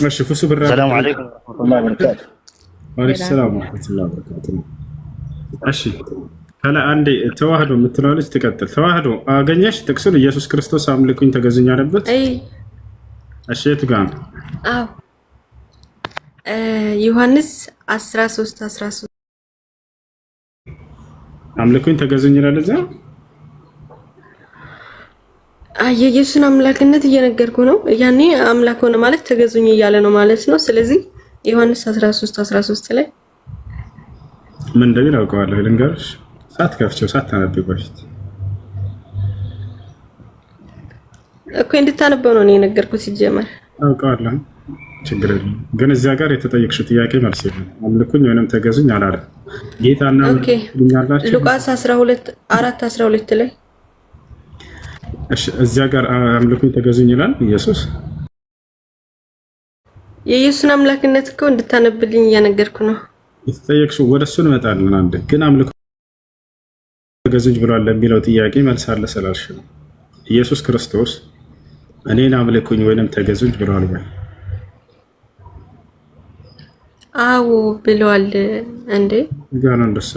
ሰላም አለይኩም ወራህመቱላሂ ሰላም ወራህመቱላሂ ወበረካቱ። እሺ ከላ አንዴ ተዋህዶ የምትለዋለች ትቀጥል። ተዋህዶ አገኘሽ ጥቅሱን ኢየሱስ ክርስቶስ አምልኩኝ ተገዝኝ አለበት። እሺ የቱ ጋር ነው? አዎ ዮሐንስ 13 13 አምልኩኝ ተገዝኝ ይላል እዛ የኢየሱስን አምላክነት እየነገርኩ ነው። ያኔ አምላክ ሆነ ማለት ተገዙኝ እያለ ነው ማለት ነው። ስለዚህ ዮሐንስ 13 13 ላይ ምን እንደሚል አውቀዋለሁ። ልንገርሽ ሳትከፍቺው ሳታነቢው በፊት እኮ እንድታነበው ነው እኔ የነገርኩት። ሲጀመር አውቀዋለሁ፣ ችግር የለም። ግን እዚያ ጋር የተጠየቅሽው ጥያቄ መልስ የለም። አምልኩኝ ወይንም ተገዙኝ አላለም ጌታና ሉቃስ 12 4 12 ላይ እዚያ ጋር አምልኩኝ ተገዙኝ ይላል ኢየሱስ። የኢየሱስን አምላክነት እኮ እንድታነብልኝ እያነገርኩ ነው። የተጠየቅሽው ወደ እሱ እንመጣለን። አንድ ግን አምልኩ ተገዙኝ ብሏል ለሚለው ጥያቄ መልሳለ ስላልሽ ነው። ኢየሱስ ክርስቶስ እኔን አምልኩኝ ወይንም ተገዙኝ ብለዋል ወይ? አዎ ብለዋል። እንዴ ጋር ነው እንደሱ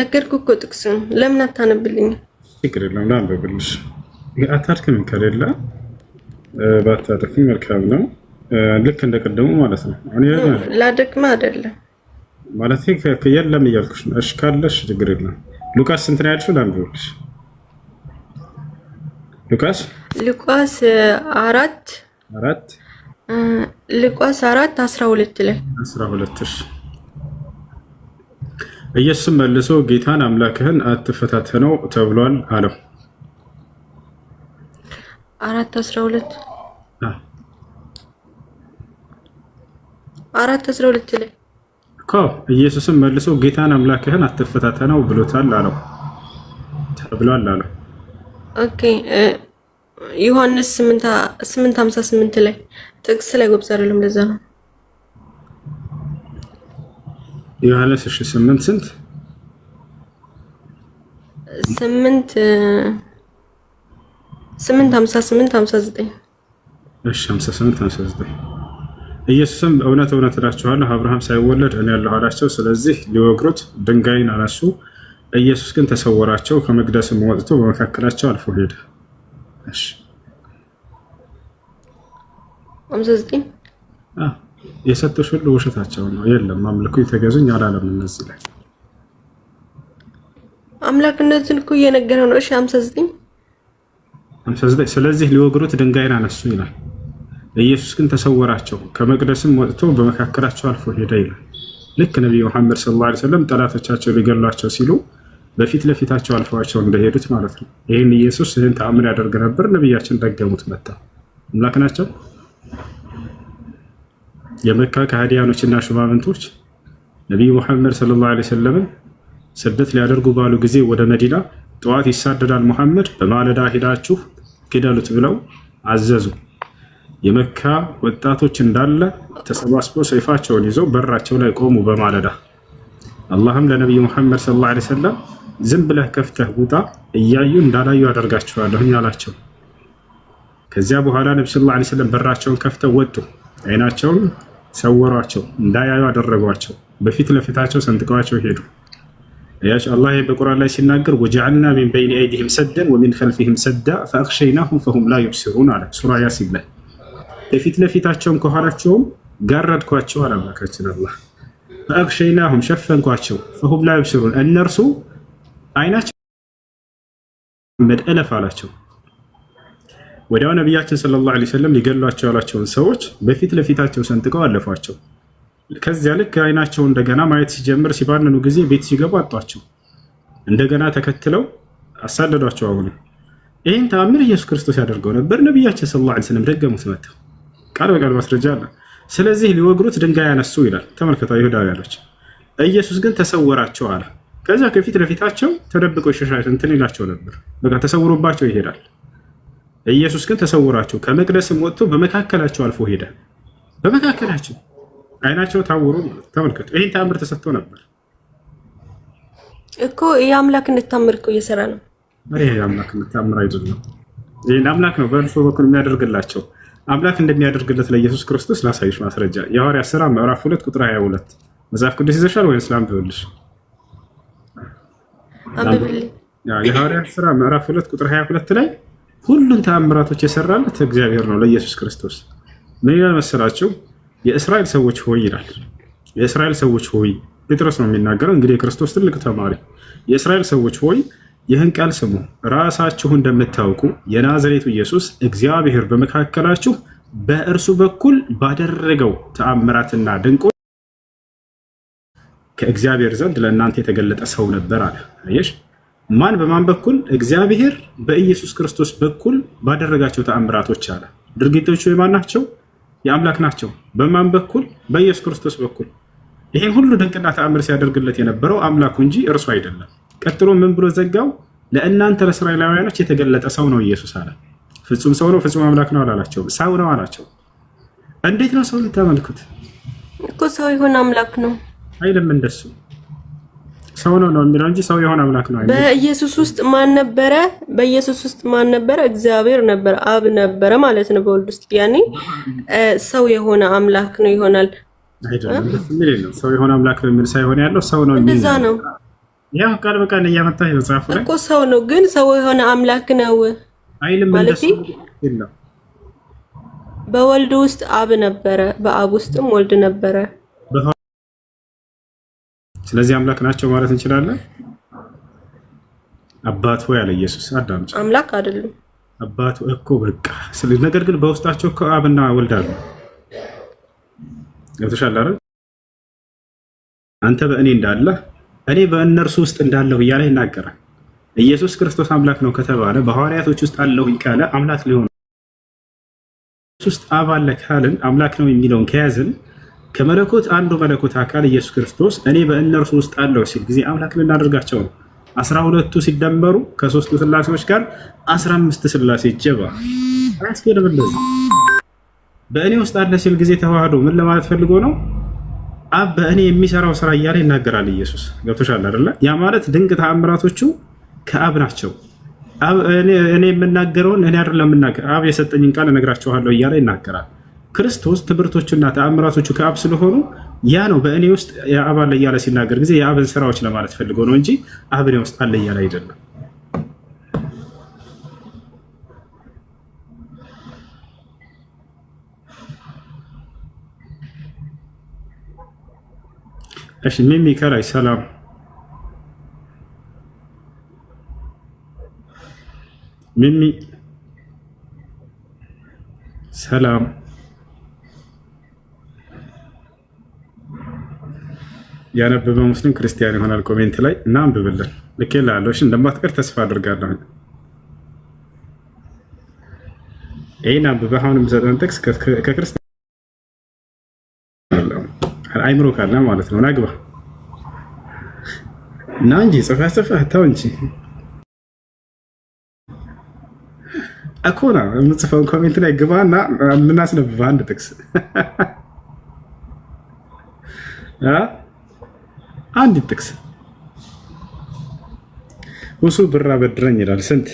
ነገርኩ እኮ ጥቅሱን ለምን አታነብልኝም? ችግር የለም ላንብብልሽ። አታድክም ከሌለ ባታደክም መልካም ነው። ልክ እንደ ቀደሙ ማለት ነው። ላደክም አይደለም ማለት የለም እያልኩሽ ነው። እሽ ካለሽ ችግር የለም። ሉቃስ ስንት ነው ያልሽው? ላንብብልሽ። ሉቃስ ሉቃስ አራት አራት ሉቃስ አራት አስራ ሁለት ላይ አስራ ሁለት እሺ ኢየሱስም መልሶ ጌታን አምላክህን አትፈታተነው ተብሏል አለው። አራት አስራ ሁለት አራት አስራ ሁለት ላይ እኮ ኢየሱስም መልሶ ጌታን አምላክህን አትፈታተነው ብሎታል አለው ተብሏል አለው። ኦኬ ዮሐንስ ስምንት ሀምሳ ስምንት ላይ ጥቅስ ላይ ጎብዝ አይደለም። ለዛ ነው ዮሐንስ እሺ፣ ስምንት ስንት ስምንት ስምንት ሀምሳ ስምንት ሀምሳ ዘጠኝ እሺ፣ ሀምሳ ስምንት ሀምሳ ዘጠኝ ኢየሱስም እውነት እውነት እላችኋለሁ አብርሃም ሳይወለድ እኔ አለሁ አላቸው። ስለዚህ ሊወግሩት ድንጋይን አነሱ። ኢየሱስ ግን ተሰወራቸው፣ ከመቅደስም ወጥቶ በመካከላቸው አልፎ ሄደ። እሺ፣ ሀምሳ ዘጠኝ የሰጠሽ ሁሉ ውሸታቸው ነው። የለም አምልኩ የተገዙኝ አላለም። እነዚህ ላይ አምላክነትን እኮ እየነገረ ነው። እሺ ሀምሳ ዘጠኝ ዘጠኝ ስለዚህ ሊወግሩት ድንጋይን አነሱ ይላል። ኢየሱስ ግን ተሰወራቸው፣ ከመቅደስም ወጥቶ በመካከላቸው አልፎ ሄደ ይላል። ልክ ነቢዩ መሐመድ ሰለላሁ ዐለይሂ ወሰለም ጠላቶቻቸው ሊገሏቸው ሲሉ በፊት ለፊታቸው አልፈዋቸው እንደሄዱት ማለት ነው። ይህን ኢየሱስ ይህን ተአምር ያደርግ ነበር። ነቢያችን ደገሙት። መጣ አምላክ ናቸው። የመካ ከሃዲያኖችና ሹማምንቶች ነቢይ ሙሐመድ ሰለላሁ ዓለይሂ ወሰለምን ስደት ሊያደርጉ ባሉ ጊዜ ወደ መዲና ጠዋት ይሳደዳል ሙሐመድ፣ በማለዳ ሂዳችሁ ግደሉት ብለው አዘዙ። የመካ ወጣቶች እንዳለ ተሰባስበው ሰይፋቸውን ይዘው በራቸው ላይ ቆሙ በማለዳ። አላህም ለነቢይ ሙሐመድ ሰለላሁ ዓለይሂ ወሰለም ዝም ብለህ ከፍተህ ውጣ እያዩ እንዳላዩ አደርጋችኋለሁኝ አላቸው። ከዚያ በኋላ ነቢ ሰለላሁ ዓለይሂ ወሰለም በራቸውን ከፍተው ወጡ። አይናቸውን ሰወሯቸው፣ እንዳያዩ አደረጓቸው። በፊት ለፊታቸው ሰንጥቀዋቸው ሄዱ። ያሽ አላህ በቁርአን ላይ ሲናገር ወጀዐልና ሚን በይን አይዲህም ሰደን ወሚን ከልፊህም ሰዳ ፈአኽሸይናሁም ፈሁም ላ ዩብሲሩን አለ ሱራ ያሲን ላይ። የፊት ለፊታቸውም ከኋላቸውም ጋረድኳቸው አለ አምላካችን አላህ። ፈአኽሸይናሁም ሸፈንኳቸው፣ ፈሁም ላ ዩብሲሩን እነርሱ አይናቸው መድ እለፍ አላቸው ወዲያው ነቢያችን ሰለላሁ ዓለይሂ ወሰለም ሊገሏቸው ያሏቸውን ሰዎች በፊት ለፊታቸው ሰንጥቀው አለፏቸው። ከዚያ ልክ አይናቸው እንደገና ማየት ሲጀምር ሲባንኑ ጊዜ ቤት ሲገቡ አጧቸው። እንደገና ተከትለው አሳደዷቸው። አሁንም ይህን ተአምር ኢየሱስ ክርስቶስ ያደርገው ነበር። ነቢያችን ሰለላሁ ዓለይሂ ወሰለም ደገሙት። መጥተው ቃል በቃል ማስረጃ አለ። ስለዚህ ሊወግሩት ድንጋይ ያነሱ ይላል። ተመልከታ ይሁዳውያኖች። ኢየሱስ ግን ተሰወራቸው አለ። ከዚያ ከፊት ለፊታቸው ተደብቆ ሸሻ እንትን ይላቸው ነበር። በቃ ተሰውሮባቸው ይሄዳል። ኢየሱስ ግን ተሰውራቸው ከመቅደስም ወጥቶ በመካከላቸው አልፎ ሄደ። በመካከላቸው አይናቸው ታውሮ ተመልከቱ። ይህን ተአምር ተሰጥቶ ነበር እኮ ይህ አምላክነት ታምር እኮ እየሰራ ነው። ይህ አምላክነት ታምር አይደለም። ይህን አምላክ ነው በእርሱ በኩል የሚያደርግላቸው አምላክ እንደሚያደርግለት ለኢየሱስ ክርስቶስ ላሳይሽ ማስረጃ የሐዋርያት ስራ ምዕራፍ ሁለት ቁጥር ሀያ ሁለት መጽሐፍ ቅዱስ ይዘሻል ስላም ላንብብልሽ? የሐዋርያት ስራ ምዕራፍ ሁለት ቁጥር ሀያ ሁለት ላይ ሁሉን ተአምራቶች የሰራለት እግዚአብሔር ነው ለኢየሱስ ክርስቶስ። ምን ይላል መሰላችሁ? የእስራኤል ሰዎች ሆይ ይላል። የእስራኤል ሰዎች ሆይ ጴጥሮስ ነው የሚናገረው፣ እንግዲህ የክርስቶስ ትልቅ ተማሪ። የእስራኤል ሰዎች ሆይ ይህን ቃል ስሙ፣ ራሳችሁ እንደምታውቁ የናዝሬቱ ኢየሱስ እግዚአብሔር በመካከላችሁ በእርሱ በኩል ባደረገው ተአምራትና ድንቆ ከእግዚአብሔር ዘንድ ለእናንተ የተገለጠ ሰው ነበር አለ። ማን በማን በኩል እግዚአብሔር በኢየሱስ ክርስቶስ በኩል ባደረጋቸው ተአምራቶች አለ። ድርጊቶቹ የማን ናቸው? የአምላክ ናቸው። በማን በኩል? በኢየሱስ ክርስቶስ በኩል። ይሄን ሁሉ ድንቅና ተአምር ሲያደርግለት የነበረው አምላኩ እንጂ እርሱ አይደለም። ቀጥሎ ምን ብሎ ዘጋው? ለእናንተ ለእስራኤላውያኖች የተገለጠ ሰው ነው ኢየሱስ አለ። ፍጹም ሰው ነው፣ ፍጹም አምላክ ነው አላላቸው፣ ሰው ነው አላቸው። እንዴት ነው ሰው ልታመልኩት? እኮ ሰው ይሆን አምላክ ነው አይልም እንደሱ ሰው ነው ነው የሚለው እንጂ ሰው የሆነ አምላክ ነው። በኢየሱስ ውስጥ ማን ነበረ? በኢየሱስ ውስጥ ማን ነበረ? እግዚአብሔር ነበረ፣ አብ ነበረ ማለት ነው። በወልድ ውስጥ ያኔ ሰው የሆነ አምላክ ነው ይሆናል። አይደለም ምን ሰው የሆነ አምላክ ነው የሚል ሳይሆን ያለው ሰው ነው የሚል ነው። ያው ቃል በቃል እያመጣ መጽሐፉ ላይ እኮ ሰው ነው፣ ግን ሰው የሆነ አምላክ ነው አይልም ማለት በወልድ ውስጥ አብ ነበረ፣ በአብ ውስጥም ወልድ ነበረ ስለዚህ አምላክ ናቸው ማለት እንችላለን። አባት ሆይ አለ ኢየሱስ አዳምጭ። አምላክ አይደሉም አባት እኮ በቃ ነገር ግን በውስጣቸው እኮ አብና ወልዳሉ። ገብቶሻል አይደል? አንተ በእኔ እንዳለ እኔ በእነርሱ ውስጥ እንዳለሁ እያለ ይናገራል። ኢየሱስ ክርስቶስ አምላክ ነው ከተባለ በሐዋርያቶች ውስጥ አለሁኝ ካለ አምላክ ሊሆን ውስጥ አብ አለ ካልን አምላክ ነው የሚለውን ከያዝን ከመለኮት አንዱ መለኮት አካል ኢየሱስ ክርስቶስ እኔ በእነርሱ ውስጥ አለው ሲል ጊዜ አምላክ ልናደርጋቸው ነው። አስራ ሁለቱ ሲደመሩ ከሶስቱ ስላሴዎች ጋር አስራ አምስት ስላሴ ጀባ በእኔ ውስጥ አለ ሲል ጊዜ ተዋህዶ ምን ለማለት ፈልጎ ነው? አብ በእኔ የሚሰራው ስራ እያለ ይናገራል ኢየሱስ። ገብቶሻል አይደለ? ያ ማለት ድንቅ ተአምራቶቹ ከአብ ናቸው። እኔ የምናገረውን እኔ አይደለም የምናገር አብ የሰጠኝን ቃል እነግራችኋለሁ እያለ ይናገራል። ክርስቶስ ትምህርቶቹና ተአምራቶቹ ከአብ ስለሆኑ ያ ነው በእኔ ውስጥ የአብ አለ እያለ ሲናገር ጊዜ የአብን ስራዎች ለማለት ፈልጎ ነው እንጂ አብ እኔ ውስጥ አለ እያለ አይደለም። እሺ ሚሚ ከላይ ሰላም ሚሚ ሰላም ያነበበ ሙስሊም ክርስቲያን ይሆናል። ኮሜንት ላይ እና አንብብልን ላለሽ እንደማትቀር ተስፋ አድርጋለሁ። ይህን አንብበ አሁን የሚሰጠን ጥቅስ ከክርስቲያን አይምሮ ካለ ማለት ነው። ናግባ እና እንጂ ጽፋ ጽፋ ተው እንጂ አኮና የምጽፈውን ኮሜንት ላይ ግባ እና የምናስነብበ አንድ ጥቅስ አንድ ጥቅስ ውሱ ብራ በድረኝ ይላል። ስንት